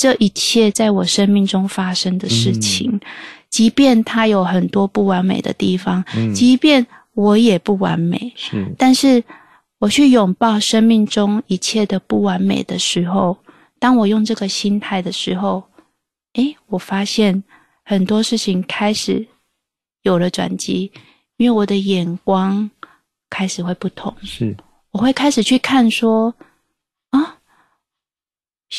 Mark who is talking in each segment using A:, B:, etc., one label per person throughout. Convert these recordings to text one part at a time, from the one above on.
A: 這一切在我生命中發生的事情，嗯，即便它有很多不完美的地方，嗯，即便我也不完美，是。但是，我去擁抱生命中一切的不完美的時候，當我用這個心態的時候，哎，我發現很多事情開始有了轉機，因為我的眼光開始會不同，是。我會開始去看說，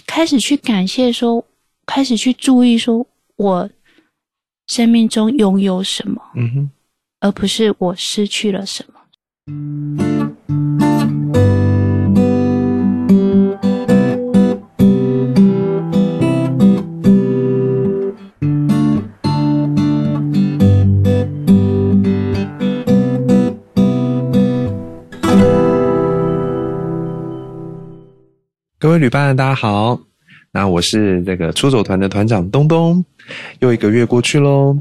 A: 開始去感謝說，說開始去注意，說我生命中擁有什麼，嗯哼，而不是我失去了什麼。
B: 各位旅伴，大家好。那我是這個出走團的團長東東。又一個月過去嘍，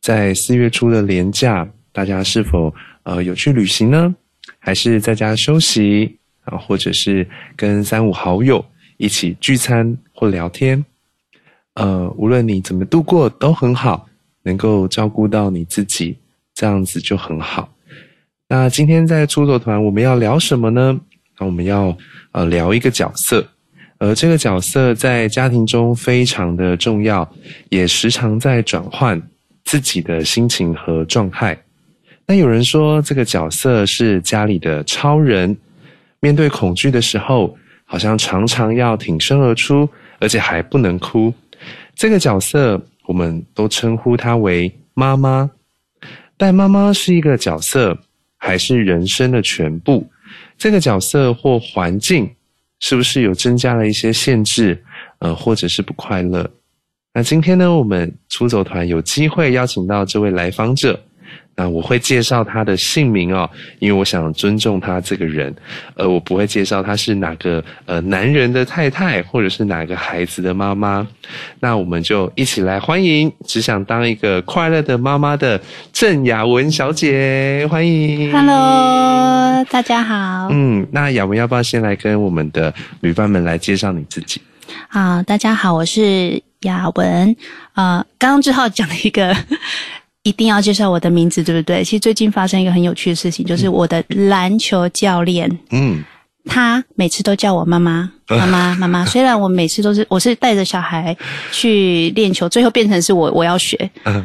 B: 在四月初的連假，大家是否呃有去旅行呢？還是在家休息啊？或者是跟三五好友一起聚餐或聊天？呃，無論你怎麼度過都很好，能夠照顧到你自己，這樣子就很好。那今天在出走團，我們要聊什麼呢？我們要呃聊一個角色，而這個角色在家庭中非常的重要，也時常在轉換自己的心情和狀態。那有人說，這個角色是家裡的超人，面對恐懼的時候，好像常常要挺身而出，而且還不能哭。這個角色，我們都稱呼她為媽媽。但媽媽是一個角色，還是人生的全部？這個角色或環境，是不是有增加了一些限制，呃，或者是不快樂？那今天呢，我們出走團有機會邀請到這位來訪者。那我會介紹她的姓名哦，因為我想尊重她這個人。呃，我不會介紹她是哪個呃男人的太太，或者是哪個孩子的媽媽。那我們就一起來歡迎只想當一個快樂的媽媽的鄭雅文小姐，歡迎。Hello，
A: 大家好。嗯，
B: 那雅文要不要先來跟我們的女伴們來介紹你自己？
A: 好，uh, 大家好，我是雅文。啊，uh，剛剛志浩講了一個。 一定要介紹我的名字，對不對？其實最近發生一個很有趣的事情，就是我的籃球教練，嗯，他每次都叫我媽媽，媽媽，媽媽。 雖然我每次都是我是帶着小孩去練球，最後變成是我我要學。嗯，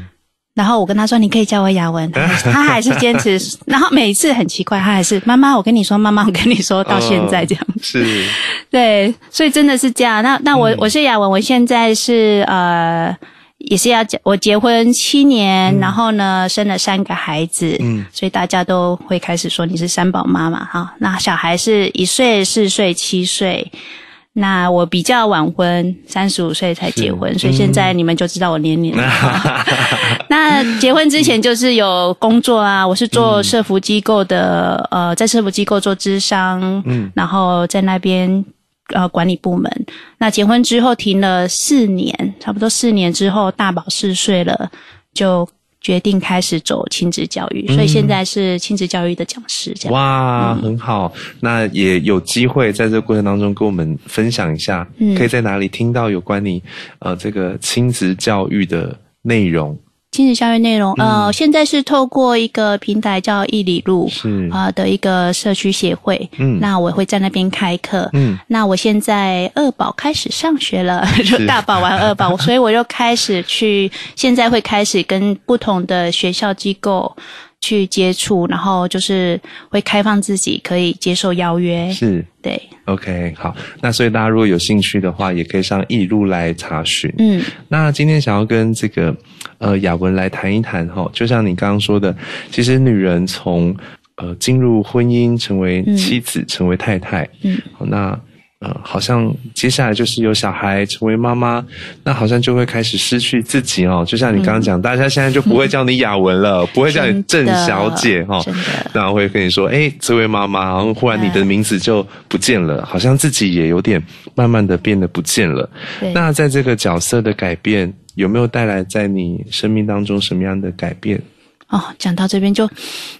A: 然後我跟他說：“你可以叫我雅文。”他他還是堅持。 然後每次很奇怪，他還是媽媽。我跟你說，媽媽，我跟你說到現在這樣，哦，是，對，所以真的是這樣。那那我，嗯，我是亞文，我現在是呃。也是要結，我結婚七年，嗯、然後呢，生了三個孩子，嗯，所以大家都會開始說你是三寶媽媽哈。那小孩是一歲、四歲、七歲。那我比較晚婚，三十五歲才結婚，嗯、所以現在你們就知道我年齡了。那結婚之前就是有工作啊，我是做社福機構的，嗯、呃，在社福機構做諮商，嗯、然後在那邊。呃，管理部門。那結婚之後停了四年，差不多四年之後，大寶四歲了，就決定開始走親子教育，嗯、所以現在是親子教育的講師。這樣，哇，
B: 嗯、很好，那也有機會在這過程當中跟我們分享一下，嗯、可以在哪裡聽到有關你呃這個親子教育的內容。
A: 親子教育內容，呃，現在是透過一個平台叫“一里路”是，啊的一個社區協會，嗯，那我會在那邊開課，嗯，那我現在二寶開始上學了，就大寶玩二寶，所以我又開始去，現在會開始跟不同的學校機構去接觸，然後就是會開放自己可以接受邀約，是
B: 對，OK，好，那所以大家如果有興趣的話，也可以上一路來查詢，嗯，那今天想要跟這個。呃，雅文來談一談哈、哦，就像你剛剛說的，其實女人從呃進入婚姻，成為妻子，嗯、成為太太，嗯，哦、那呃好像接下來就是有小孩，成為媽媽，那好像就會開始失去自己哦。就像你剛剛講，嗯、大家現在就不會叫你雅文了，嗯、不會叫你鄭小姐哈，然後會跟你說，誒、哎，這位媽媽，然後忽然你的名字就不見了，對好像自己也有點慢慢的變得不見了。對那在這個角色的改變。有沒有帶來在你生命當中什麼樣的改變？
A: 哦，講到這邊就，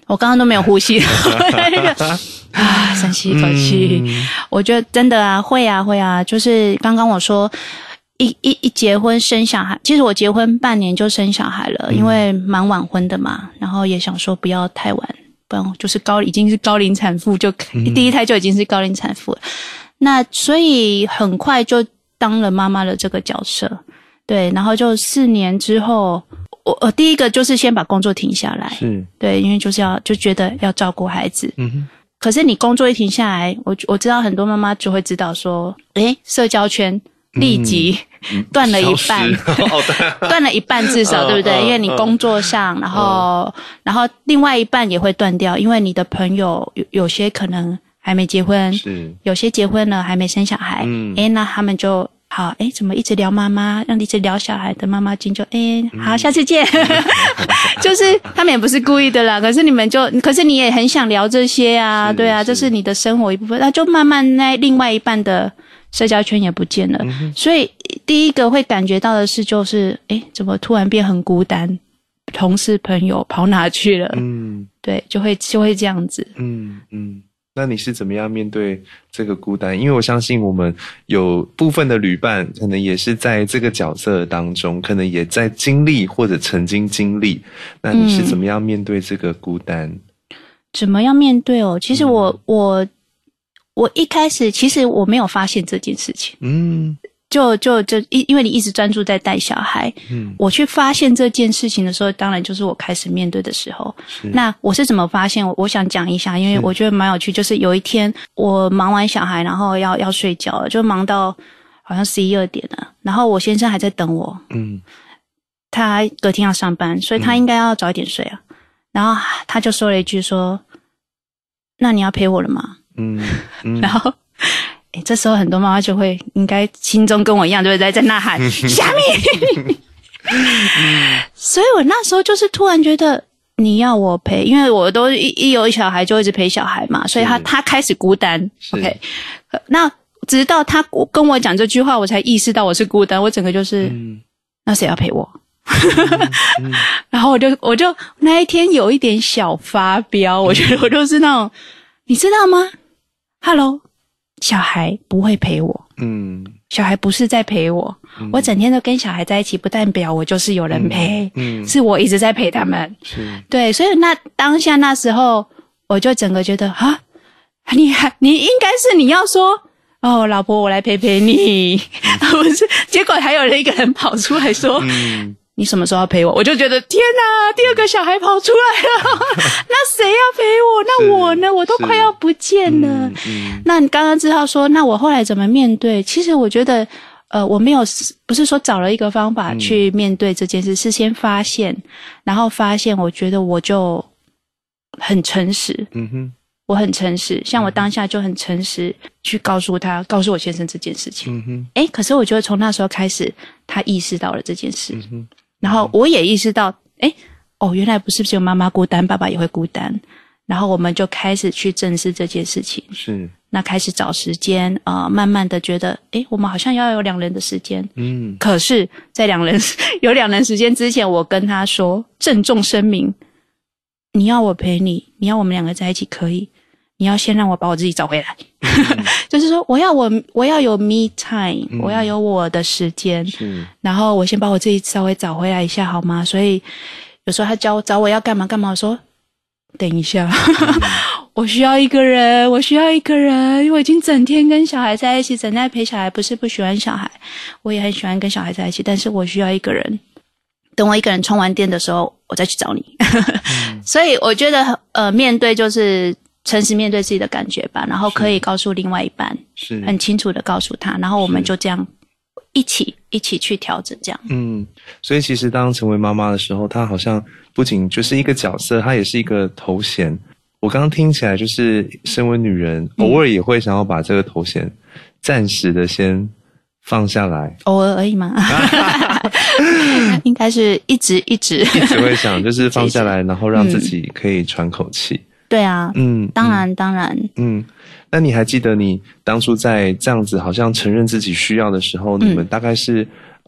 A: 我剛剛都沒有呼吸、那個，啊、 哎，三七、三七。嗯、我覺得真的啊，會啊，會啊，就是剛剛我說一一一結婚生小孩，其實我結婚半年就生小孩了，嗯、因為蠻晚婚的嘛，然後也想說不要太晚，不然就是高已經是高齡產婦，就第一胎就已經是高齡產婦了，嗯、那所以很快就當了媽媽的這個角色。對，然後就四年之後，我，呃，我第一個就是先把工作停下來，是對，因為就是要，就覺得要照顧孩子。嗯哼。可是你工作一停下來，我我知道很多媽媽就會知道說，誒，社交圈立即斷了一半，嗯嗯、
C: 斷了一半至少 對不對？因為你工
A: 作上， 然後 然後另外一半也會斷掉，因為你的朋友有有些可能還沒結婚，是，有些結婚了還沒生小孩，嗯、誒，那他們就。好，誒怎麼一直聊媽媽，讓你一直聊小孩的媽媽進就，誒好，下次見。嗯、 就是他們也不是故意的啦，可是你們就，可是你也很想聊這些啊，是對啊，是這是你的生活一部分，那就慢慢那另外一半的社交圈，也不見了，嗯、哼所以第一個會感覺到的是，就是誒怎麼突然變很孤單，同事朋友跑哪去了？嗯，對，就會就會這樣子。嗯嗯。
B: 嗯那你是怎麼樣面對這個孤單？因為我相信我們有部分的旅伴，可能也是在這個角色當中，可能也在經歷或者曾經經歷。那你是怎麼樣面對這個孤單？嗯、
A: 怎麼樣面對哦？其實我我我一開始其實我沒有發現這件事情。嗯。就就就一因為你一直專注在帶小孩，
C: 嗯、
A: 我去發現這件事情的時候，當然就是我開始面對的時候。是那我是怎麼發現？我我想講一下，因為我覺得蠻有趣。就是有一天我忙完小孩，然後要要睡覺了，就忙到好像十一二點了。然後我先生還在等我，嗯，他隔天要上班，所以他應該要早一點睡啊。嗯、然後他就說了一句說：“那你要陪我了嗎？”嗯，嗯 然後。哎、欸，這時候很多媽媽就會，應該心中跟我一樣，就會在在吶喊“蝦米
D: 想你”
A: 所以我那時候就是突然覺得你要我陪，因為我都一一有小孩就一直陪小孩嘛，所以他的他開始孤單。是 OK，那直到他跟我講這句話，我才意識到我是孤單，我整個就是，嗯、那誰要陪我？ 然後我就我就那一天有一點小發飆，我覺得我就是那種，嗯、你知道嗎？Hello。小孩不會陪我，嗯，小孩不是在陪我，嗯、我整天都跟小孩在一起，不代表我就是有人陪，嗯，嗯，是我一直在陪他們，嗯、是對，所以那當下那時候，我就整個覺得啊，你還你應該是你要說哦，老婆我來陪陪你，不是、嗯， 結果還有一個人跑出來說，嗯你什麼時候要陪我？我就覺得天哪、啊！第二個小孩跑出來了， 那誰要陪我？那我呢？是我都快要不見了。嗯嗯、那你剛剛知道說，那我後來怎麼面對？其實我覺得，呃，我沒有不是說找了一個方法去面對這件事，嗯、是先發現，然後發現，我覺得我就很誠實。嗯
D: 哼，
A: 我很誠實。像我當下就很誠實，去告訴他，告訴我先生這件事情。嗯哼，誒、欸，可是我覺得從那時候開始，他意識到了這件事。嗯哼。然後我也意識到，欸，哦，原來不是只有媽媽孤單，爸爸也會孤單。然後我們就開始去正視這件事情。是，那開始找時間，呃，慢慢的覺得，欸，我們好像要有兩人的時間。嗯。可是，在兩人有兩人時間之前，我跟他說，鄭重聲明，你要我陪你，你要我們兩個在一起，可以。你要先讓我把我自己找回來，嗯嗯、 就是說，我要我我要有 me time，、嗯、我要有我的時間，是 然後我先把我自己稍微找回來一下，好嗎？所以有時候他叫我找我要幹嘛幹嘛，我說等一下，嗯嗯、 我需要一個人，我需要一個人，因為我已經整天跟小孩在一起，整天陪小孩，不是不喜歡小孩，我也很喜歡跟小孩在一起，但是我需要一個人。等我一個人充完電的時候，我再去找你。嗯、 所以我覺得，呃，面對就是。誠實面對自己的感覺吧，然後可以告訴另外一半，是很清楚的告訴他，然後我們就這樣是一起一起去調整，這樣。
B: 嗯，所以其實當成為媽媽的時候，她好像不僅就是一個角色，她也是一個頭銜。我剛剛聽起來就是身為女人，嗯、偶爾也會想要把這個頭銜暫時的先放下來，
A: 偶爾而已嘛 應該是一直一直一直會
B: 想，就是放下來，實然後讓自己可以喘口氣。嗯
A: 對啊，嗯,嗯當，當然當然，嗯，
B: 那你還記得你當初在這樣子好像承認自己需要的時候，你們大概是、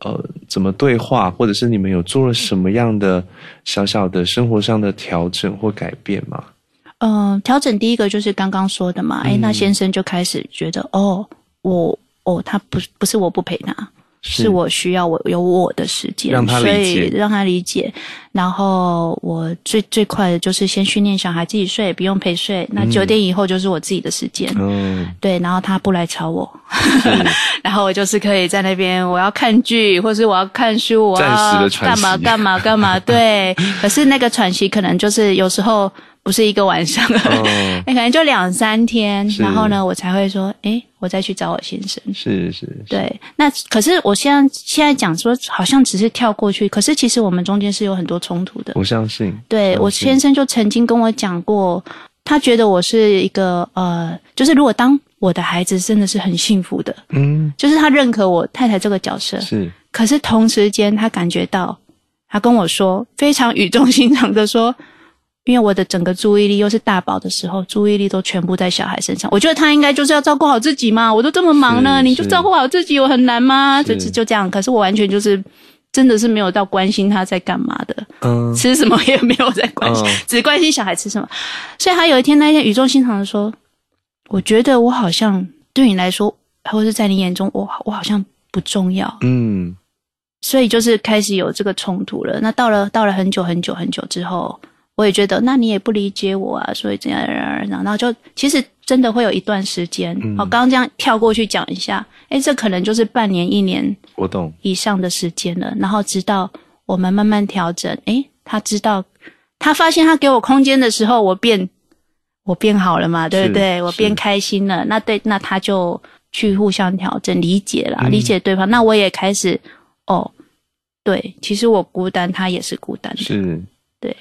B: 嗯、呃怎麼對話，或者是你們有做了什麼樣的小小的生活上的調整或改變嗎？嗯，
A: 調整第一個就是剛剛說的嘛，誒、嗯欸、那先生就開始覺得，哦，我，哦，他不，不是我不陪他。是，是我需要，我有我的時間，所以讓他理解。然後我最最快的就是先訓練小孩自己睡，不用陪睡。嗯、那九點以後就是我自己的時間。嗯，對。然後他不來吵我，是 然後我就是可以在那邊，我要看劇，或是我要看書，我要幹嘛幹嘛幹嘛，嘛？ 對。可是那個喘息，可能就是有時候。不是一個晚上了，那、哦欸、可能就兩三天，是然後呢，我才會說，哎、欸，我再去找我先生。
D: 是是是。是是
A: 對，那可是我現在現在講說，好像只是跳過去，可是其實我們中間是有很多衝突的。我相信。對，相信。我先生就曾經跟我講過，他覺得我是一個呃，就是如果當我的孩子真的是很幸福的，嗯，就是他認可我太太這個角色，是。可是同時間，他感覺到，他跟我說非常語重心長的說。因為我的整個注意力又是大寶的時候，注意力都全部在小孩身上。我覺得他應該就是要照顧好自己嘛，我都這麼忙了，是你就照顧好自己是我很難嗎？就就是就這樣。可是我完全就是真的是沒有到關心他在幹嘛的，嗯、吃什麼也沒有在關心，嗯、只關心小孩吃什麼。所以他有一天那天語重、嗯、心長的說：“我覺得我好像對你來說，或者在你眼中，我我好像不重要。”嗯，所以就是開始有這個衝突了。那到了到了很久很久很久之後。我也覺得，那你也不理解我啊，所以這樣，然後就其實真的會有一段時間好，嗯、剛剛這樣跳過去講一下，誒，這可能就是半年、一年，我懂以上的時間了。動然後直到我們慢慢調整，誒，他知道，他發現他給我空間的時候，我變，我變好了嘛，對不對？是我變開心了，是那對，那他就去互相調整、理解了，嗯、理解對方。那我也開始，哦，對，其實我孤單，他也是孤單的，是。
B: 對，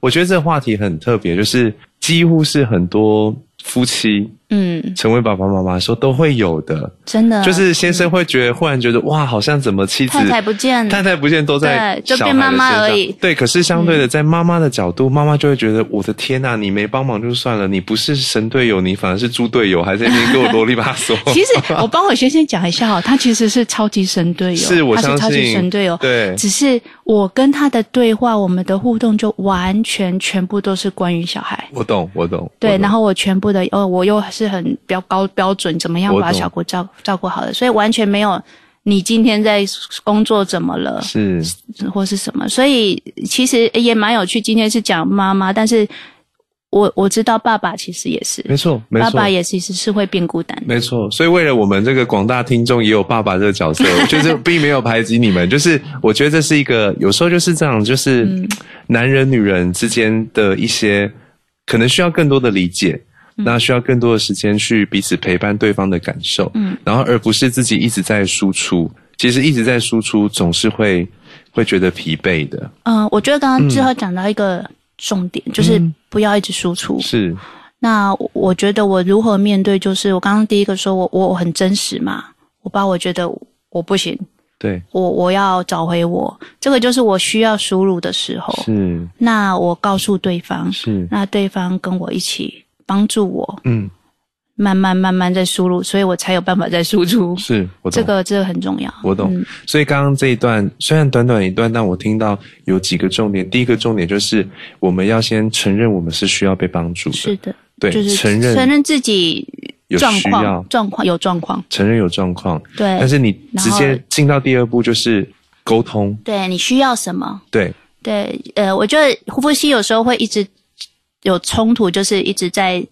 B: 我覺得這個話題很特別，就是幾乎是很多夫妻。嗯，成為爸爸媽媽的時候都會有的，真的就是先生會覺得、嗯、忽然覺得哇，好像怎麼妻子太太不見，太太不見都在變媽媽而已。對。可是相對的，在媽媽的角度，媽媽就會覺得我的天哪，嗯、你沒幫忙就算了，你不是神隊友，你反而是豬隊友，還在那邊跟我囉裡吧嗦。 其實我
A: 幫我先生講一下哦，他其實是超級神隊友，是我他是超級神隊友，對。只是我跟他的對話，我們的互動就完全全部都是關於小孩
B: 我。我懂，我懂。對，
A: 然後我全部的，呃，我又。是很比較高標準，怎麼樣把小國照照顧好的？懂所以完全沒有你今天在工作怎麼
D: 了，
A: 是或是什麼？所以其實也蠻有趣。今天是講媽媽，但是我我知道爸爸其實也是沒錯，沒錯。爸爸也其實是會變孤單的，
B: 沒錯。所以為了我們這個廣大聽眾，也有爸爸這個角色，就是 並沒有排擠你們。就是我覺得這是一個有時候就是這樣，就是男人女人之間的一些、嗯、可能需要更多的理解。那需要更多的時間去彼此陪伴對方的感受，嗯，然後而不是自己一直在輸出，其實一直在輸出總是會會覺得疲憊的。嗯、
A: 呃，我覺得剛剛志浩講到一個重點，嗯、就是不要一直輸出。嗯、是。那我覺得我如何面對？就是我剛剛第一個說我我很真實嘛，我把我覺得我，我不行，對，我我要找回我，這個就是我需要輸入的時候。是。那我告訴對方，是，那對方跟我一起。幫助我，嗯，慢慢慢慢在輸入，所以我才有辦法在輸出。是，我懂，這個這個很重要。我懂。
B: 嗯，所以剛剛這一段雖然短短一段，但我聽到有幾個重點。第一個重點就是我們要先承認我們是需要被幫助的。是的，對，就是承認承認自己有需要，
A: 狀況有狀況，
B: 承認有狀況。對。但是你直接進到第二步就是溝通。
A: 對你需要什麼？對對，呃，我覺得呼吸有時候會一直。有衝突，就是一直在，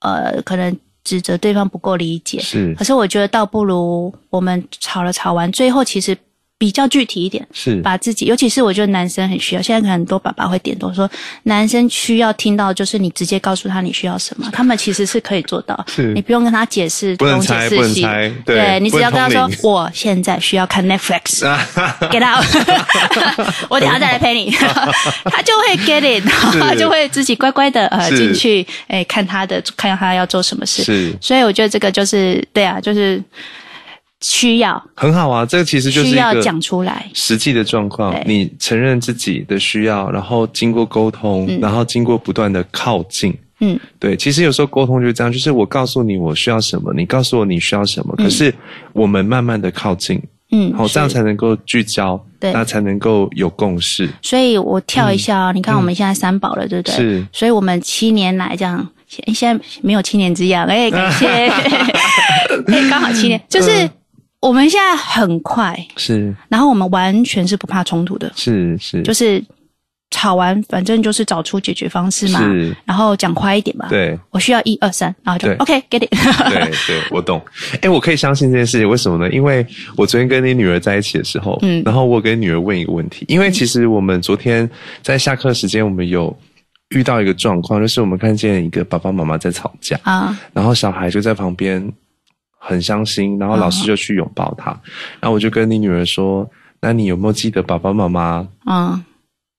A: 呃，可能指責對方不夠理解。是，可是我覺得倒不如我們吵了吵完，最後其實。比較具體一點，是把自己，尤其是我覺得男生很需要。現在很多爸爸會點多說，男生需要聽到的就是你直接告訴他你需要什麼，是他們其實是可以做到，是你不用跟他解釋，不用解釋對，對你只要跟他說，我現在需要看 Netflix，u Get out 他， 我等下再來陪你， 他就會 get i n 他就會自己乖乖的是呃進去，哎、欸，看他的，看他要做什麼事。是所以我覺得這個就是，對啊，就是。需要
B: 很好啊，這個其實就是需要講出來實際的狀況。你承認自己的需要，然後經過溝通，然後經過不斷的靠近，嗯，對。其實有時候溝通就是這樣，就是我告訴你我需要什麼，你告訴我你需要什麼，可是我們慢慢的靠近，嗯，好，這樣才能夠聚焦，對，那才能夠有共識。
A: 所以我跳一下啊，你看我們現在三寶了，對不對？是，所以我們七年來這樣，現在沒有七年之癢，哎，感謝，誒剛好七年，就是。我們現在很快，是，然後我們完全是不怕衝突的，是
D: 是，是就是
A: 吵完，反正就是找出解決方式嘛，是，然後講快一點吧，對，我需要一二三，然後就對 OK get it， 對對
B: 我懂，哎、欸，我可以相信這件事情，為什麼呢？因為我昨天跟你女兒在一起的時候，嗯，然後我跟女兒問一個問題，因為其實我們昨天在下課時間，我們有遇到一個狀況，就是我們看見一個爸爸媽媽在吵架啊，然後小孩就在旁邊。很傷心，然後老師就去擁抱他，uh huh. 然後我就跟你女兒說：“那你有沒有記得爸爸媽媽啊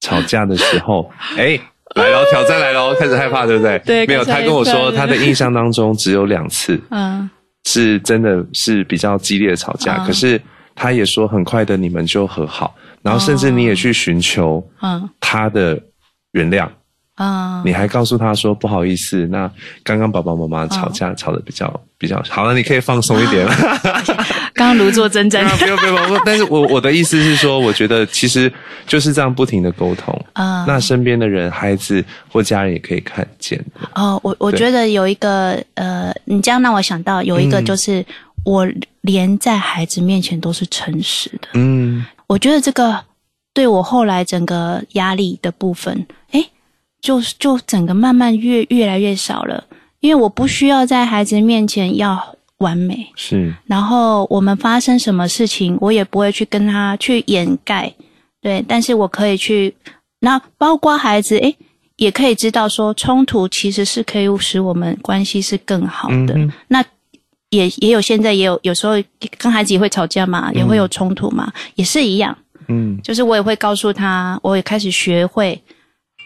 B: 吵架的時候？”哎、uh huh. 欸，來咯，挑戰來咯，開始害怕對不對？對、uh huh. 沒有。他跟我說，uh huh. 他的印象當中只有兩次，嗯、
D: uh huh.
B: 是真的是比較激烈的吵架，uh huh. 可是他也說很快的你們就和好，然後甚至你也去尋求嗯他的原諒。啊！Uh, 你還告訴他說不好意思，那剛剛爸爸媽媽吵架，oh. 吵得比較比較好了，啊，你可以放鬆一點。剛
A: 剛 如坐針氈。
B: 啊，不用不用不用，但是我，我我的意思是說，我覺得其實就是這樣不停的溝通啊。Uh, 那身邊的人，孩子或家人也可以看見的。
A: 哦，uh，我我覺得有一個對呃，你這樣讓我想到有一個，就是我連在孩子面前都是誠實的。嗯，我覺得這個對我後來整個壓力的部分。就是，就整個慢慢越越來越少了，因為我不需要在孩子面前要完美，是。然後我們發生什麼事情，我也不會去跟他去掩蓋，對。但是我可以去，那包括孩子，誒，也可以知道說，衝突其實是可以使我們關係是更好的。嗯嗯。那也也有現在也有，有時候跟孩子也會吵架嘛，嗯。也會有衝突嘛，也是一樣。
D: 嗯，
A: 就是我也會告訴他，我也開始學會。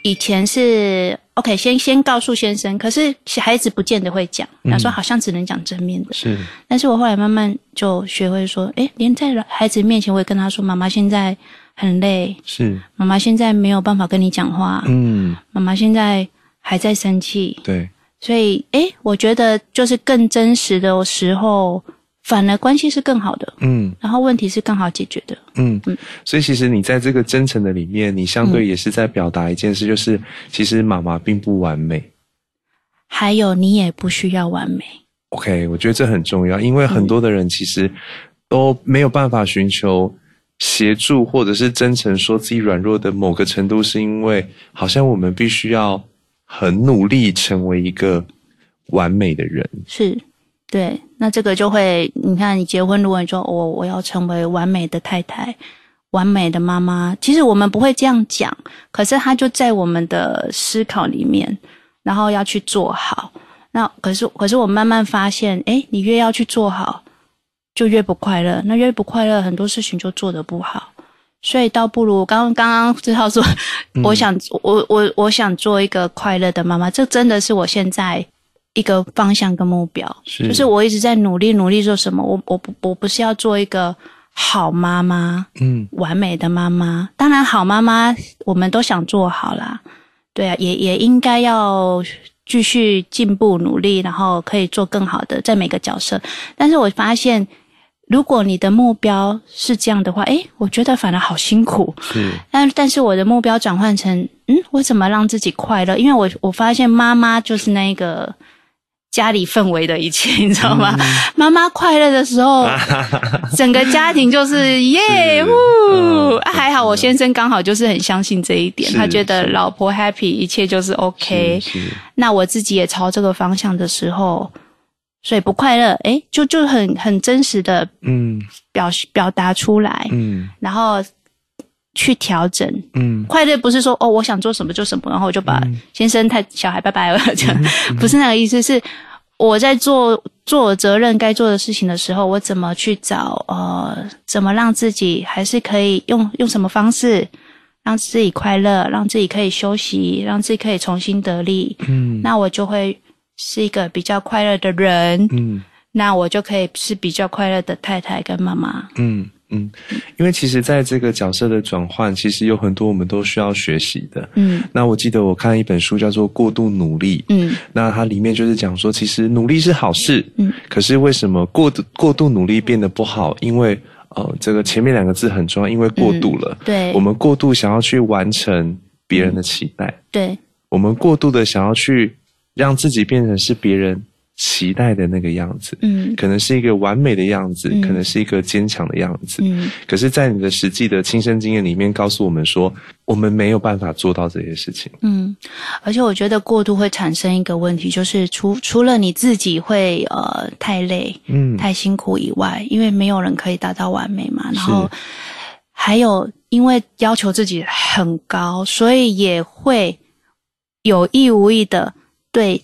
A: 以前是 OK，先先告訴先生，可是孩子不見得會講。他說好像只能講正面的。嗯、是，但是我後來慢慢就學會說，哎、欸，連在孩子面前，我也跟他說，媽媽現在很累，是，媽媽現在沒有辦法跟你講話，嗯，媽媽現在還在生氣，對，所以哎、欸，我覺得就是更真實的時候。反而關係是更好的，
C: 嗯，
A: 然後問題是更好解決的，嗯
B: 嗯，嗯、所以其實你在這個真誠的裡面，你相對也是在表達一件事，就是、嗯、其實媽媽並不完美，
A: 還有你也不需要完美。
B: OK，我覺得這很重要，因為很多的人其實都沒有辦法尋求協助，或者是真誠說自己軟弱的某個程度，是因為好像我們必須要很努力成為一個完美的人，
A: 是。對，那這個就會，你看，你結婚，如果你說，我、哦、我要成為完美的太太，完美的媽媽，其實我們不會這樣講，可是他就在我們的思考裡面，然後要去做好。那可是，可是我慢慢發現，哎，你越要去做好，就越不快樂。那越不快樂，很多事情就做得不好。所以倒不如剛剛剛知道說，嗯、我想，我我我想做一個快樂的媽媽，這真的是我現在。一個方向跟目標，是就是我一直在努力努力做什麼。我我不我不是要做一個好媽媽，嗯，完美的媽媽。當然好媽媽，我們都想做好啦，對啊，也也應該要繼續進步努力，然後可以做更好的，在每個角色。但是我發現，如果你的目標是這樣的話，誒，我覺得反而好辛苦。
C: 是，
A: 但但是我的目標轉換成，嗯，我怎麼讓自己快樂？因為我我發現媽媽就是那個。家裡氛圍的一切，你知道嗎？媽媽快樂的時候，整個家庭就是耶嗚！還好我先生剛好就是很相信這一點，他覺得老婆 happy，一切就是 OK。那我自己也朝這個方向的時候，所以不快樂，誒，就就很很真實的嗯，表表達出來嗯，然後。去調整，嗯，快樂不是說哦，我想做什麼就什麼，然後我就把先生，嗯、太小孩拜拜了這樣，嗯嗯，不是那個意思。是我在做做我責任該做的事情的時候，我怎麼去找呃，怎麼讓自己還是可以用用什麼方式讓自己快樂，讓自己可以休息，讓自己可以重新得力，嗯，那我就會是一個比較快樂的人，嗯，那我就可以是比較快樂的太太跟媽媽，嗯。
B: 嗯，因為其實，在這個角色的轉換，其實有很多我們都需要學習的。嗯，那我記得我看一本書，叫做《過度努力》。嗯，那它裡面就是講說，其實努力是好事。嗯，可是為什麼過度過度努力變得不好？因為呃，這個前面兩個字很重要，因為過度了。嗯、對，我們過度想要去完成別人的期待。嗯、
A: 對，
B: 我們過度的想要去讓自己變成是別人。期待的那個樣子，嗯，可能是一個完美的樣子，嗯，可能是一個堅強的樣子，嗯，可是，在你的實際的親身經驗裡面告訴我們說，我們沒有辦法做到這些事情，
A: 嗯，而且我覺得過度會產生一個問題，就是除除了你自己會呃太累，嗯，太辛苦以外，嗯，因為沒有人可以達到完美嘛，是然後還有因為要求自己很高，所以也會有意無意的對。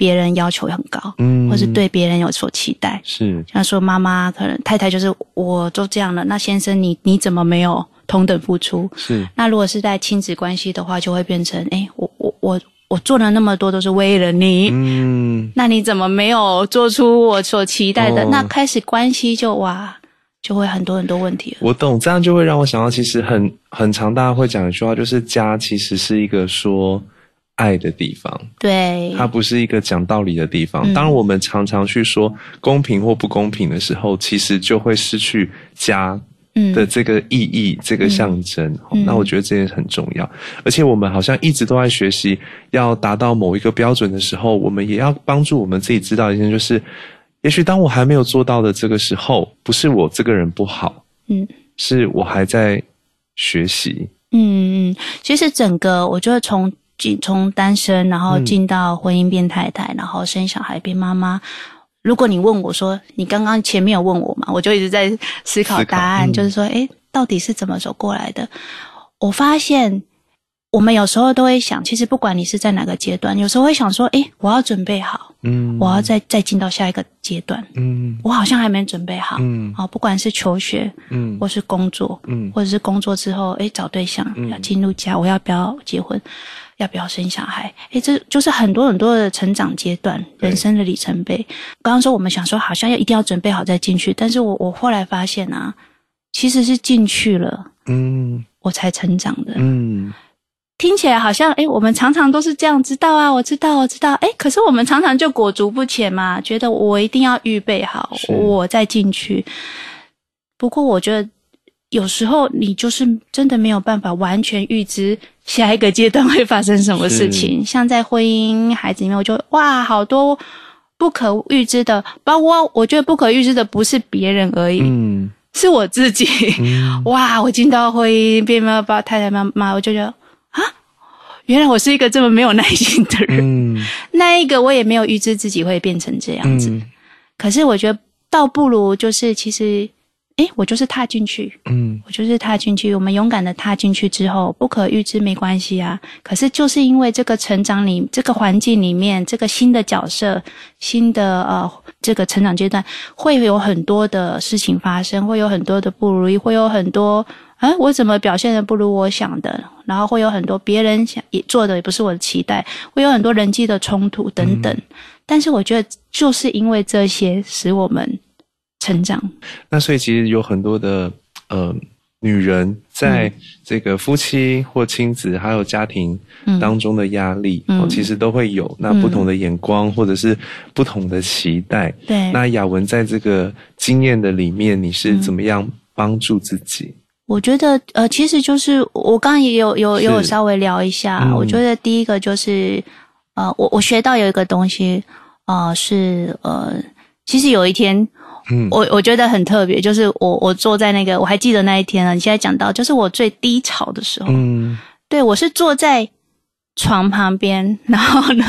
A: 別人要求很高，嗯，或是對別人有所期待，是像說媽媽可能太太就是我都這樣了，那先生你你怎麼沒有同等付出？是那如果是在親子關係的話，就會變成哎，我我我我做了那麼多都是為了你，嗯，那你怎麼沒有做出我所期待的？哦，那開始關係就哇就會很多很多問題
B: 了。我懂，這樣就會讓我想到，其實很很常大家會講一句話，就是家其實是一個說。愛的地方，
A: 對，它
B: 不是一個講道理的地方。嗯、當我們常常去說公平或不公平的時候，其實就會失去家的這個意義、嗯、這個象徵、嗯哦。那我覺得這也很重要。嗯、而且我們好像一直都在學習，要達到某一個標準的時候，我們也要幫助我們自己知道一件就是也許當我還沒有做到的這個時候，不是我這個人不好，嗯，是我還在學習。
A: 嗯嗯，其實整個我覺得從。進從單身，然後進到婚姻變太太，嗯、然後生小孩變媽媽。如果你問我說，你剛剛前面有問我嘛？我就一直在思考答案，嗯、就是說，哎、欸，到底是怎麼走過來的？我發現，我們有時候都會想，其實不管你是在哪個階段，有時候會想說，哎、欸，我要準備好，
C: 嗯，我要
A: 再再進到下一個階段，
C: 嗯，我
A: 好像還沒準備好，
C: 嗯
A: 好，不管是求學，嗯，
C: 或
A: 是工作，嗯，或者是工作之後，哎、欸，找對象，要進入家，嗯、我要不要結婚？要不要生小孩？誒、欸，這就是很多很多的成長階段，人生的里程碑。對剛剛說我們想說，好像要一定要準備好再進去，但是我我後來發現啊，其實是進去了，嗯，我才成長的，嗯。聽起來好像誒、欸，我們常常都是這樣知道啊，我知道，我知道，誒、欸。可是我們常常就裹足不前嘛，覺得我一定要預備好，是我再進去。不過我覺得有時候你就是真的沒有辦法完全預知。下一個階段會發生什麼事情？是像在婚姻、孩子裡面，我就哇，好多不可預知的，包括我覺得不可預知的不是別人而已，嗯、是我自己。嗯、哇，我進到婚姻變媽媽、太太媽媽，我就覺得啊，原來我是一個這麼沒有耐心的
D: 人。嗯、
A: 那一個我也沒有預知自己會變成這樣子，
D: 嗯、
A: 可是我覺得倒不如就是其實。哎、欸，我就是踏進去，
D: 嗯，
A: 我就是踏進去。我們勇敢的踏進去之後，不可預知沒關係啊。可是就是因為這個成長裡、這個環境裡面、這個新的角色、新的呃這個成長階段，會有很多的事情發生，會有很多的不如意，會有很多嗯、啊、我怎麼表現的不如我想的？然後會有很多別人想也做的也不是我的期待，會有很多人際的衝突等等。嗯、但是我覺得，就是因為這些，使我們。成長，
B: 那所以其實有很多的呃女人在這個夫妻或親子還有家庭當中的壓力，嗯哦、其實都會有。嗯、那不同的眼光或者是不同的期待。對，那雅文在這個經驗的裡面，你是怎麼樣幫助自己？嗯、
A: 我覺得呃，其實就是我剛剛也有有有稍微聊一下。嗯、我覺得第一個就是呃，我我學到有一個東西呃，是呃，其實有一天。我我覺得很特別，就是我我坐在那個，我還記得那一天啊。你現在講到，就是我最低潮的時候，嗯、對我是坐在床旁邊，然後呢，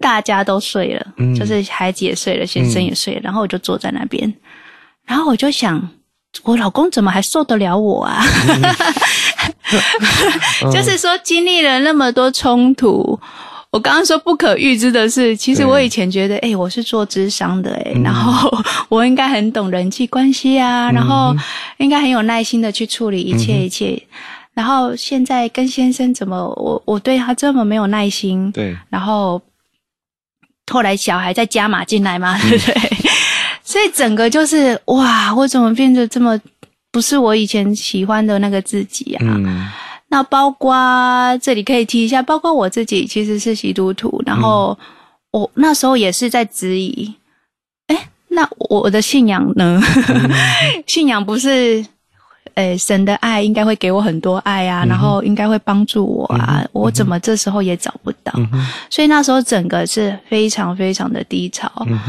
A: 大家都睡了，嗯、就是孩子也睡了，先生也睡了，然後我就坐在那邊，嗯、然後我就想，我老公怎麼還受得了我啊？嗯、
D: 就是
A: 說經歷了那麼多衝突。我剛剛說不可預知的是，其實我以前覺得，誒對、欸、我是做諮商的、欸，誒、嗯、然後我應該很懂人際關係啊，嗯、然後應該很有耐心的去處理一切一切，嗯、然後現在跟先生怎麼，我我對他這麼沒有耐心，對，然後後來小孩再加碼進來嘛，對不對？ 所以整個就是，哇，我怎麼變得這麼不是我以前喜歡的那個自己啊？嗯那包括這裡可以提一下，包括我自己其實是基督徒，徒，然後我那時候也是在質疑，嗯、誒，那我的信仰呢？嗯、 信仰不是，誒，神的愛應該會給我很多愛啊，嗯、然後應該會幫助我啊，嗯、我怎麼這時候也找不到？嗯嗯、所以那時候整個是非常非常的低潮。嗯、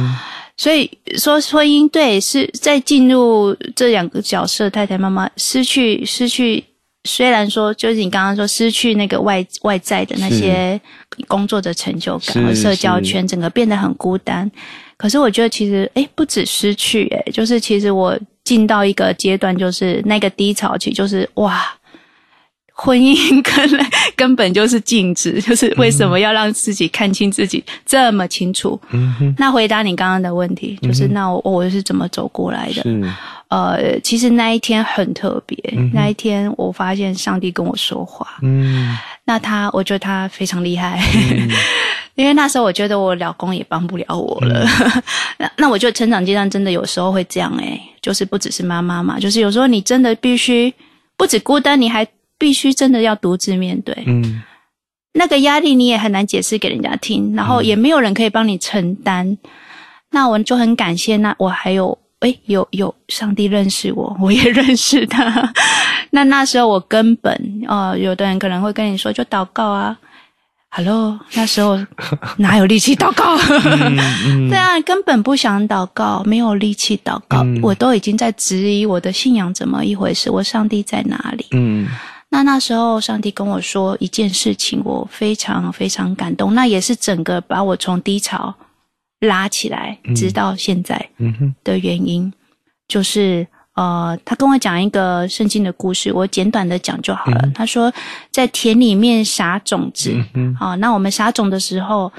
A: 所以說，說，婚姻對是在進入這兩個角色，太太媽媽，失去失去。雖然說，就是你剛剛說失去那個外外在的那些工作的成就感和社交圈，整個變得很孤單。可是我覺得，其實哎、欸，不止失去、欸，哎，就是其實我進到一個階段，就是那個低潮期，就是哇。婚姻根根本就是鏡子，就是為什麼要讓自己看清自己這麼清楚？嗯、哼那回答你剛剛的問題，就是那我、嗯、哼我又是怎麼走過來的？是呃，其實那一天很特別，嗯、哼那一天我發現上帝跟我說話。
C: 嗯哼，
A: 那他，我覺得他非常厲害，嗯、 因為那時候我覺得我老公也幫不了我
C: 了。
A: 那那我覺得成長階段真的有時候會這樣誒、欸，就是不只是媽媽嘛，就是有時候你真的必須不止孤單，你還。必須真的要獨自面對，嗯，那個壓力你也很難解釋給人家聽，然後也沒有人可以幫你承擔。嗯、那我就很感謝那，那我還有哎、欸，有有上帝認識我，我也認識他。 那那時候我根本，哦、呃，有的人可能會跟你說，就禱告啊，Hello，那時候 哪有力氣禱告？對 啊、嗯，嗯、根本不想禱告，沒有力氣禱告，嗯、我都已經在質疑我的信仰怎麼一回事，我上帝在哪裡？嗯。那那時候，上帝跟我說一件事情，我非常非常感動。那也是整個把我從低潮拉起來，嗯、直到現在的原因，嗯、哼就是呃，他跟我講一個聖經的故事，我簡短的講就好了。嗯、他說，在田裡面撒種子，嗯、哼啊，那我們撒種的時候，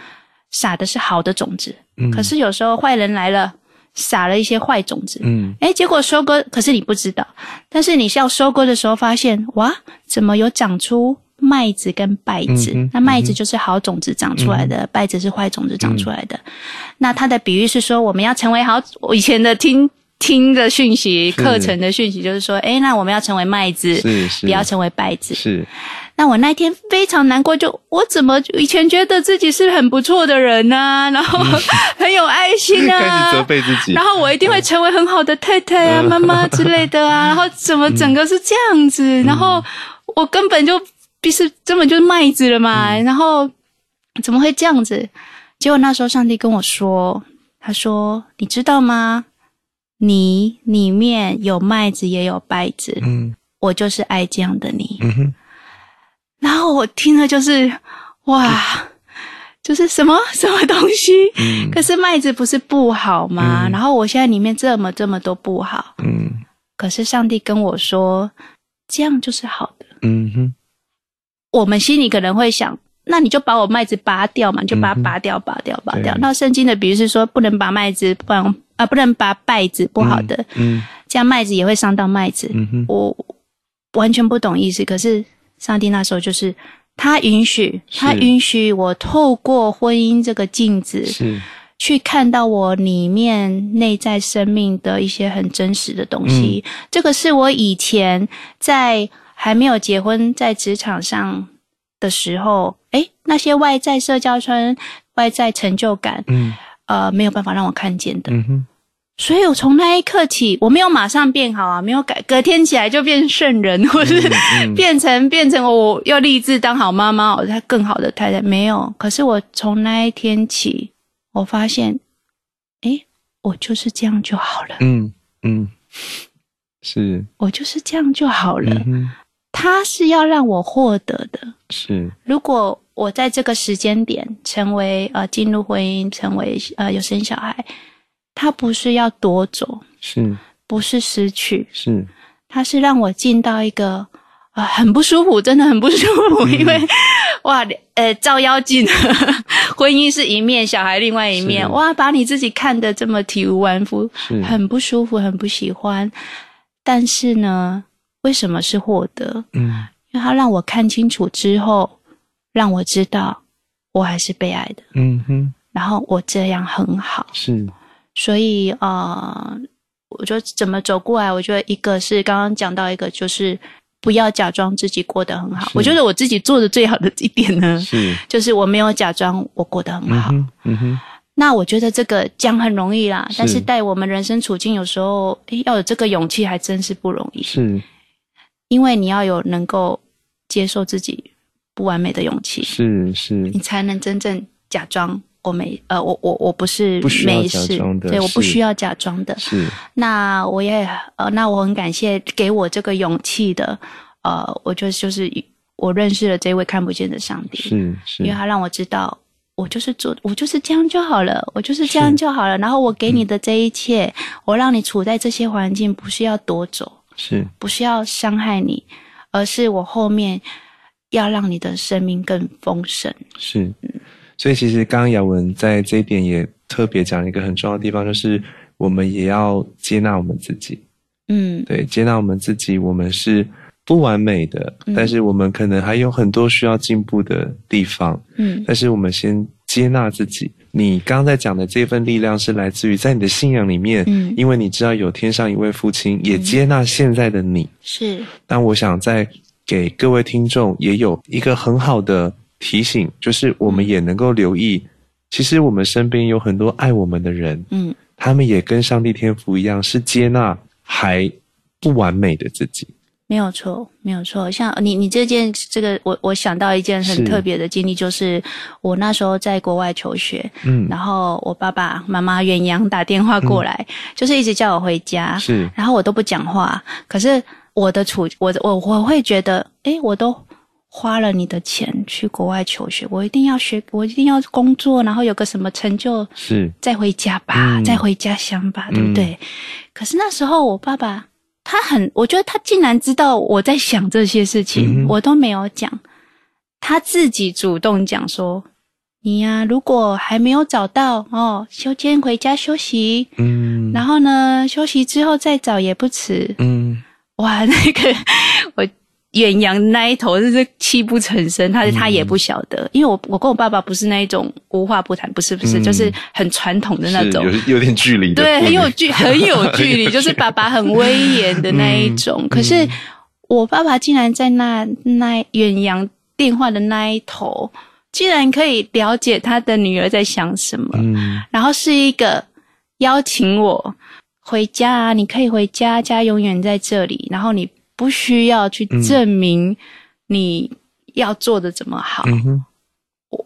A: 撒的是好的種子，嗯、可是有時候壞人來了。撒了一些壞種子，嗯，哎、欸，結果收割，可是你不知道，但是你是要收割的時候發現，哇，怎麼有長出麥子跟稗子？嗯、哼那麥子就是好種子長出來的，稗、嗯、哼子是壞種子長出來的。嗯、那他的比喻是說，我們要成為好，我以前的聽。聽的訊息，課程的訊息就是說，哎是，那我們要成為麥子，是是不要成為稗子。是。那我那天非常難過就，就我怎麼以前覺得自己是很不錯的人呢？啊？然後很有愛心啊， 開始
B: 責備自己。然
A: 後我一定會成為很好的太太啊、 媽媽之類的啊。然後怎麼整個是這樣子？ 嗯、然後我根本就不是，根本就是麥子了嘛。嗯、然後怎麼會這樣子？結果那時候上帝跟我說：“他說，你知道嗎？”你裡面有麥子，子，也有稗子。嗯，我就是愛這樣的你。嗯哼。然後我聽了就是，哇，就是什麼什麼東西？嗯、可是麥子不是不好嗎？嗯、哼然後我現在裡面這麼這麼多不好。嗯哼。可是上帝跟我說，這樣就是好的。
D: 嗯哼。
A: 我們心裡可能會想，那你就把我麥子拔掉嘛，你就把它拔掉，拔掉，拔掉。那聖經的，比喻是說，不能把麥子放，不然。啊，不能拔稗子不好的。嗯、這、嗯、樣麥子也會傷到麥子。嗯、哼我完全不懂意思，可是上帝那時候就是，他允許，是他允許我透過婚姻這個鏡子，
C: 是
A: 去看到我裡面內在生命的一些很真實的東西。嗯、這個是我以前在還沒有結婚、在職場上的時候，誒那些外在社交圈、外在成就感，嗯。呃，沒有辦法讓我看見的，
C: 嗯、
A: 哼所以我從那一刻起，我沒有馬上變好啊，沒有改，隔天起來就變聖人，嗯嗯或是變成變成我要立志當好媽媽，我才更好的太太，沒有。可是我從那一天起，我發現，哎，我就是這樣就好了。嗯
D: 嗯，是
A: 我就是這樣就好了。嗯他是要讓我獲得的，是如果我在這個時間點成為呃進入婚姻，成為呃有生小孩，他不是要奪走，是不是失去？是他是讓我進到一個啊、呃、很不舒服，真的很不舒服，因為、嗯、哇呃、欸、照妖鏡，婚姻是一面，小孩另外一面，是哇把你自己看得這麼體無完膚，是很不舒服，很不喜歡，但是呢。為什麼是獲得？嗯，因為他讓我看清楚之後，讓我知道我還是被愛的。
D: 嗯哼。
A: 然後我這樣很好。是。所以啊、呃，我覺得怎麼走過來，我覺得一個是剛剛講到一個，就是不要假裝自己過得很好。是我覺得我自己做的最好的一點呢，是就是我沒有假裝我過得很好。
D: 嗯哼。嗯哼，
A: 那我覺得這個講很容易啦，是但是帶我們人生處境有時候、欸、要有這個勇氣，還真是不容易。是。因為你要有能夠接受自己不完美的勇氣，
D: 是是，是你
A: 才能真正假裝我沒，呃，我我我不是沒事，不需要假裝的，對，我不需要假裝的。是，那我也呃，那我很感謝給我這個勇氣的，呃，我就是就是我認識了這位看不見的上帝，是是，是因為他讓我知道我就是做我就是這樣就好了，我就是這樣就好了。是，然後我給你的這一切，嗯、我讓你處在這些環境，不需要奪走。是，不需要傷害你，而是我後面要讓你的生命更豐盛。
B: 是，嗯、所以其實剛剛雅文在這一點也特別講一個很重要的地方，就是我們也要接納我們自己。嗯，
D: 對，
B: 接納我們自己，我們是不完美的，嗯、但是我們可能還有很多需要進步的地方。嗯，但是我們先。接納自己，你剛才講的這份力量是來自於在你的信仰裡面，嗯、因為你知道有天上一位父親，也接納現在的你，嗯、
D: 是。
B: 但我想再給各位聽眾也有一個很好的提醒，就是我們也能夠留意，其實我們身邊有很多愛我們的人，嗯，他們也跟上帝天父一樣，是接納還不完美的自己。
A: 沒有錯，沒有錯。像你，你這件這個我，我我想到一件很特別的經歷，就是，是，我那時候在國外求學，嗯，然後我爸爸媽媽遠洋打電話過來，嗯、就是一直叫我回家，
D: 是，
A: 然後我都不講話。可是我的處，我我我會覺得，哎，我都花了你的錢去國外求學，我一定要學，我一定要工作，然後有個什麼成就，是，再回家吧，嗯、再回家鄉吧，對不對？嗯、可是那時候我爸爸。他很，我覺得他竟然知道我在想這些事情，嗯、我都沒有講，他自己主動講說：“你呀、啊，如果還沒有找到哦，先回家休息，嗯、然後呢，休息之後再找也不遲。”嗯，哇，那個我。遠洋那一頭就是泣不成聲，他、嗯、他也不曉得，因為我我跟我爸爸不是那一種無話不談，不是不是，嗯、就是很傳統的那種，
B: 有有點距離，對，很有距很有距離， 距就是爸爸很威嚴
A: 的那一種。嗯、可是我爸爸竟然在那那遠洋電話的那一頭，竟然可以了解他的女兒在想什麼，嗯、然後是一個邀請我回家啊，你可以回家，家永遠在這裡，然後你。不需要去證明你要做的怎麼好，嗯、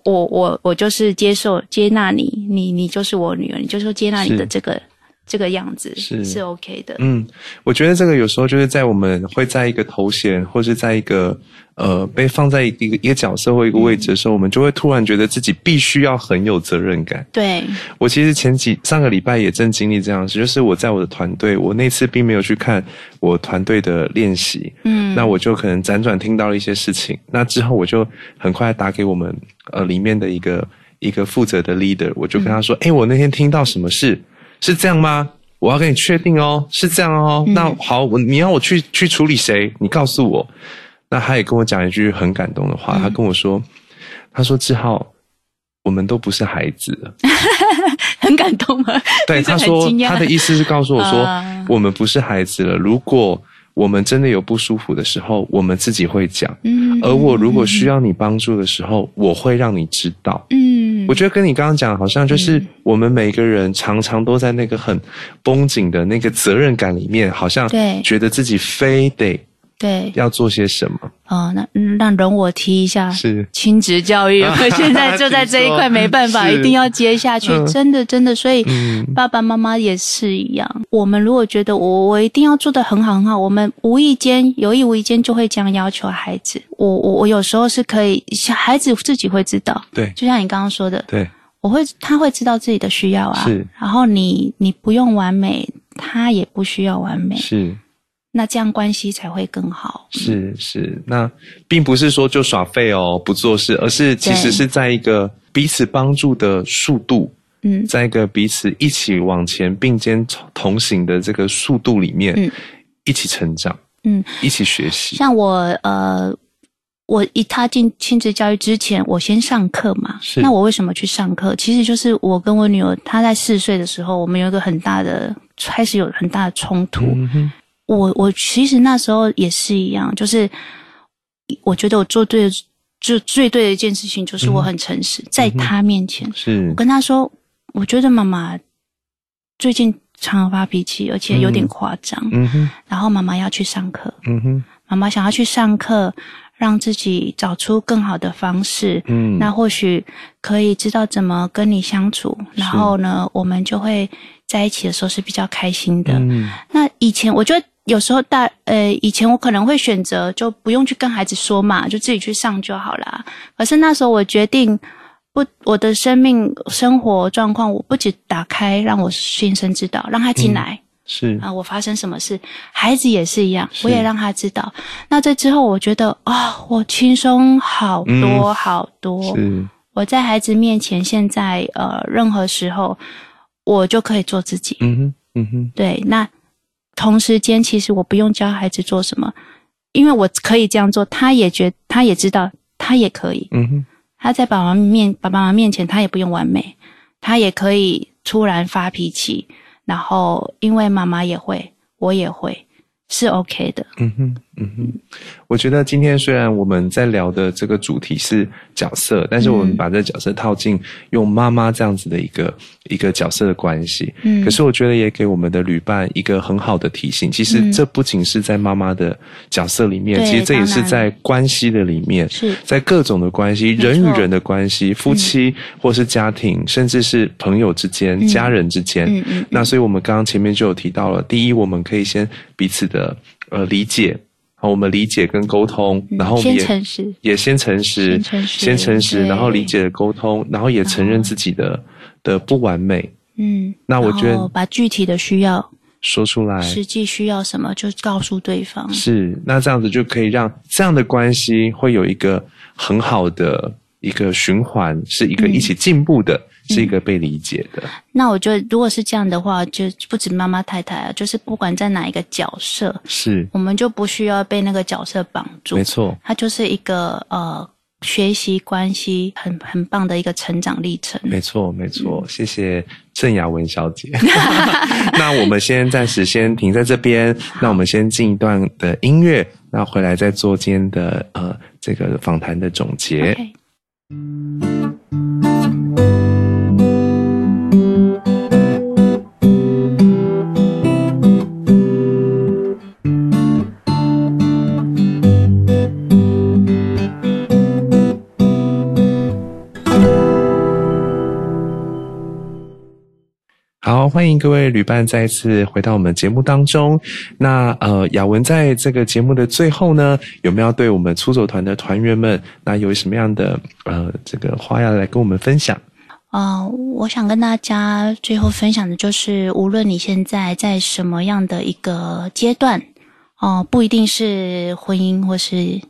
A: 我我我就是接受接納你，你你就是我女兒，你就說接納你的這個。這個樣
B: 子是是 OK 的，嗯，我覺得這個有時候就是在我們會在一個頭銜或是在一個呃被放在一個一個角色或一個位置的時候，嗯、我們就會突然覺得自己必須要很有責任感。對。我其實前幾上個禮拜也正經歷這樣事，就是我在我的團隊，我那次並沒有去看我團隊的練習，嗯，那我就可能輾轉聽到了一些事情，那之後我就很快打給我們呃裡面的一個一個負責的 leader，我就跟他說，誒、嗯欸，我那天聽到什麼事。是這樣嗎？我要跟你確定哦，是這樣哦。嗯、那好，我你要我去去處理誰？你告訴我。那他也跟我講一句很感動的話，嗯、他跟我說：“他說志浩，我們都不是孩子了，
C: 嗯、 很感動啊。”對，他說他的意思
B: 是告訴我說，啊、我們不是孩子了。如果我們真的有不舒服的時候，我們自己會講。嗯，而我如果需要你幫助的時候，嗯、我會讓你知道。嗯。我覺得跟你剛剛講，好像就是我們每個人常常都在那個很繃緊的那個責任感裡面，好像覺得自己非得。對，要做些什麼
A: 哦，那那容我提一下，是親職教
B: 育，現在就在這一塊沒辦法，一定要接下去，真的
A: 真的。所以爸爸媽媽也是一樣，我們如果覺得我我一定要做得很好很好，我們無意間有意無意間就會這樣要求孩子。我我我有時候是可以，孩子自己會知道。對，就像你剛剛說的，對，我會他會知道自己的需要啊。是，然後你你不用完美，他也不需要完美。是。那這樣關係才會更好。嗯、
B: 是是，那並不是說就耍廢哦，不做事，而是其實是在一個彼此幫助的速度，嗯，在一個彼此一起往前並肩同行的這個速度裡面，嗯、一起成長，
A: 嗯，
B: 一起學習。
A: 像我呃，我一踏進親子教育之前，我先上課嘛。是那我為什麼去上課？其實就是我跟我女兒，她在四歲的時候，我們有一個很大的開始有很大的衝突。嗯哼我我其實那時候也是一樣，就是我覺得我做對的就最對的一件事情就是我很誠實，嗯哼，在他面前，是，
D: 我
C: 跟
A: 他說，我覺得媽媽最近常常發脾氣，而且有點誇張。嗯，嗯哼。然後媽媽要去上課。
C: 嗯
A: 哼。媽媽想要去上課，讓自己找出更好的方式。嗯。那或許可以知道怎麼跟你相處。是。然後呢，我們就會在一起的時候是比較開心的。嗯。那以前我覺得。有時候大呃，以前我可能會選擇就不用去跟孩子說嘛，就自己去上就好了。可是那時候我決定，不，我的生命生活狀況我不只打開，讓我先生知道，讓他進來。嗯、
D: 是
C: 啊，
A: 我發生什麼事，孩子也是一樣，是我也讓他知道。那這之後，我覺得啊、哦，我輕鬆好多好多。嗯、是我在孩子面前，現在呃，任何時候我就可以做自己。嗯哼，嗯哼，對，那。同時間，其實我不用教孩子做什麼，因為我可以這樣做，他也覺他也知道，他也可以。嗯
C: 哼，
A: 他在爸爸媽媽面爸爸媽媽面前，他也不用完美，他也可以突然發脾氣，然後因為媽媽也會，我也會，是 OK 的。嗯哼。嗯
B: 哼，我覺得今天雖然我們在聊的這個主題是角色，但是我們把這個角色套進用媽媽這樣子的一個、嗯、一個角色的關係，嗯，可是我覺得也給我們的旅伴一個很好的提醒。其實這不僅是在媽媽的角色裡面，嗯、其實這也是在關係的裡面，在各種的關係，是人與人的關係，沒錯夫妻或是家庭，嗯、甚至是朋友之間、家人之間，嗯嗯嗯、那所以我們剛剛前面就有提到了，第一，我們可以先彼此的呃理解。我們理解跟溝通，然後也先誠實也先誠實，也先誠實，先誠實，對然後理解的溝通，然後也承認自己的後的不完美。嗯，
A: 那我覺得把具體的需要
B: 說出來，實
A: 際需要什麼就告訴對方。是，
B: 那這樣子就可以讓這樣的關係會有一個很好的一個循環，是一個一起進步的。嗯是一個被理解的。嗯，
A: 那我覺得，如果是這樣的話，就不止媽媽太太啊，就是不管在哪一個角色，是我們就不需要被那個角色綁
B: 住。沒錯，
A: 它就是一個呃學習關係很很棒的一個成長歷
B: 程。沒錯，沒錯，謝謝盛雅文小姐。
A: 那我
B: 們先暫時先停在這邊，好那我們先進一段的音樂，那回來再做今天的呃這個訪談的總結。Okay. 歡迎各位旅伴再次回到我們節目當中。那呃，雅文在這個節目的最後呢，有沒有對我們出走團的團員們，那有什麼樣的呃這個話要來跟我們分享？啊、呃，
A: 我想跟大家最後分享的就是，無論你現在在什麼樣的一個階段，呃，不一定是婚姻或是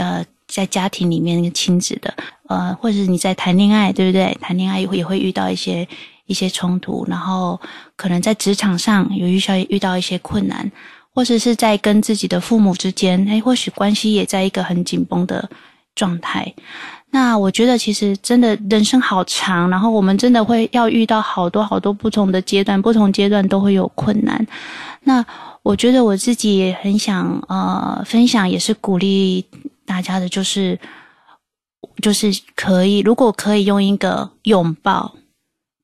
A: 呃在家庭裡面親子的，呃，或者是你在談戀愛，對不對？談戀愛也會遇到一些。一些衝突，然後可能在職場上，有遇到一些困難，或者是，是在跟自己的父母之間，哎，或許關係也在一個很緊繃的狀態。那我覺得，其實真的人生好長，然後我們真的會要遇到好多好多不同的階段，不同階段都會有困難。那我覺得我自己也很想呃分享，也是鼓勵大家的，就是就是可以，如果可以用一個擁抱。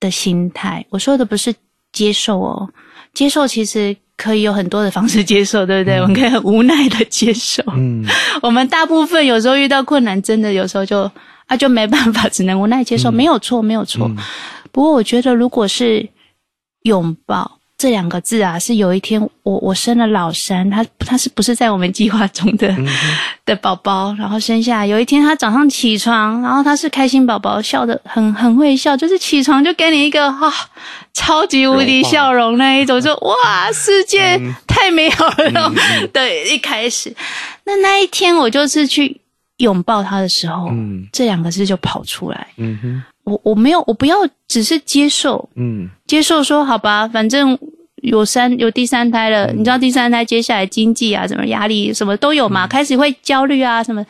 A: 的心態，我說的不是接受哦，接受其實可以有很多的方式接受，嗯、對不對？我們可以很無奈的接受，嗯、我們大部分有時候遇到困難，真的有時候就啊，就沒辦法，只能無奈接受，嗯、沒有錯，沒有錯。嗯、不過我覺得，如果是擁抱。這兩個字啊，是有一天我我生了老三，他他是不是在我們計劃中的，嗯、哼的寶寶？然後生下有一天他早上起床，然後他是開心寶寶，笑得很很會笑就是起床就給你一個哈、啊、超級無敵笑容那一種，說、哦、哇世界太美好了，嗯、 的一開始。那那一天我就是去擁抱他的時候，嗯、這兩個字就跑出來。嗯、哼我我沒有我不要只是接受，嗯，接受說好吧，反正。有三有第三胎了，你知道第三胎接下來經濟啊什麼壓力什麼都有嘛，開始會焦慮啊什麼。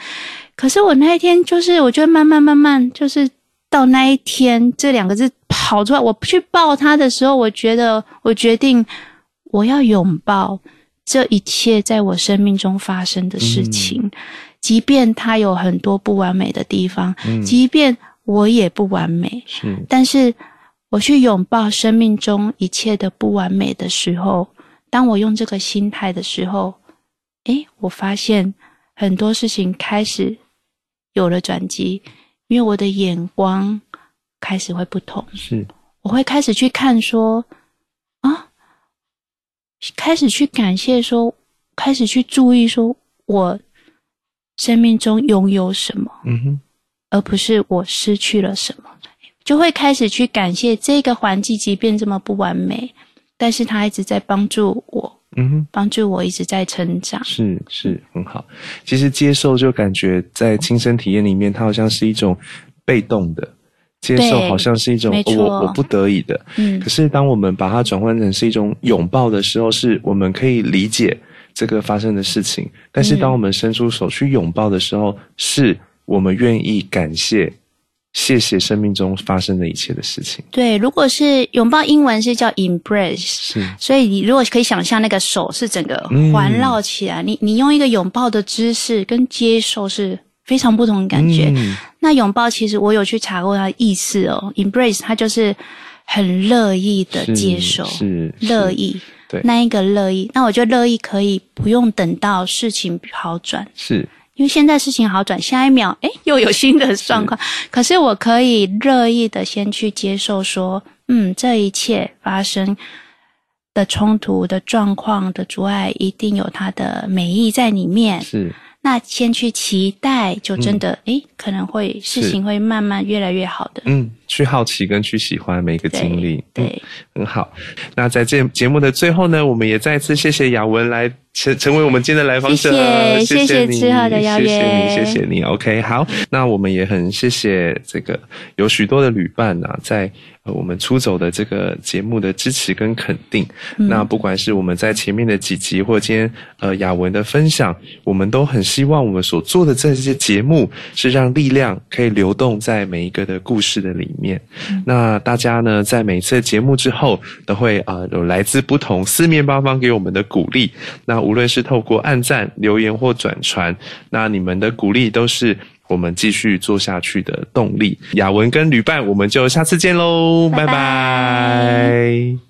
A: 可是我那一天就是，我就慢慢慢慢，就是到那一天這兩個字跑出來，我去抱他的時候，我覺得我決定我要擁抱這一切在我生命中發生的事情，即便它有很多不完美的地方，即便我也不完美，但是。我去擁抱生命中一切的不完美的時候，當我用這個心態的時候，誒，我發現很多事情開始有了轉機，因為我的眼光開始會不同，是，我會開始去看說啊，開始去感謝說，開始去注意說我生命中擁有什麼，嗯哼，而不是我失去了什麼。就會開始去感謝這個環境，即，即便這麼不完美，但是他一直在幫助我，嗯哼，幫助我一直在成長，
B: 是，是很好。其實接受就感覺在親身體驗裡面，嗯、它好像是一種被動的
A: 接受，好像是一種我我不
B: 得已的。嗯、可是當我們把它轉換成是一種擁抱的時候，是我們可以理解這個發生的事情。但是當我們伸出手去擁抱的時候，嗯、是我們願意感謝。謝謝生命中發生的一切的事情。
A: 對，如果是擁抱，英文是叫 embrace，是所以你如果可以想象那個手是整個環繞起來，嗯、你你用一個擁抱的姿勢跟接受是非常不同的感覺。嗯、那擁抱其實我有去查過它的意思哦、嗯、，embrace 它就是很樂意的接受，是，是樂意。對，那一個樂意，那我覺得樂意可以不用等到事情好轉，
D: 是。
A: 因為現在事情好轉，下一秒，誒，又有新的狀況。是，可是我可以樂意的先去接受說，說嗯，這一切發生的衝突的狀況的阻礙，一定有它的美意在裡面。是。那先去期待，就真的、嗯、誒，可能會是事情會慢慢越來越好的。嗯，
B: 去好奇跟去喜歡每一個經歷，對、對、嗯，很好。那在這節目的最後呢，我們也再一次謝謝雅文來成成為我們今天的來訪者。謝謝，謝謝知謝、謝你之的邀約，謝謝你。OK，好。那我們也很謝謝這個有許多的旅伴呢、啊，在。呃，我們出走的這個節目的支持跟肯定，嗯、那不管是我們在前面的幾集或今天呃，雅文的分享，我們都很希望我們所做的這些節目是讓力量可以流動在每一個的故事的裡面。嗯、那大家呢，在每一次節目之後都會啊、呃、有來自不同四面八方給我們的鼓勵。那無論是透過按讚、留言或轉傳，那你們的鼓勵都是。我們繼續做下去的動力。雅文跟旅伴，我們就下次見嘍，拜拜。拜拜。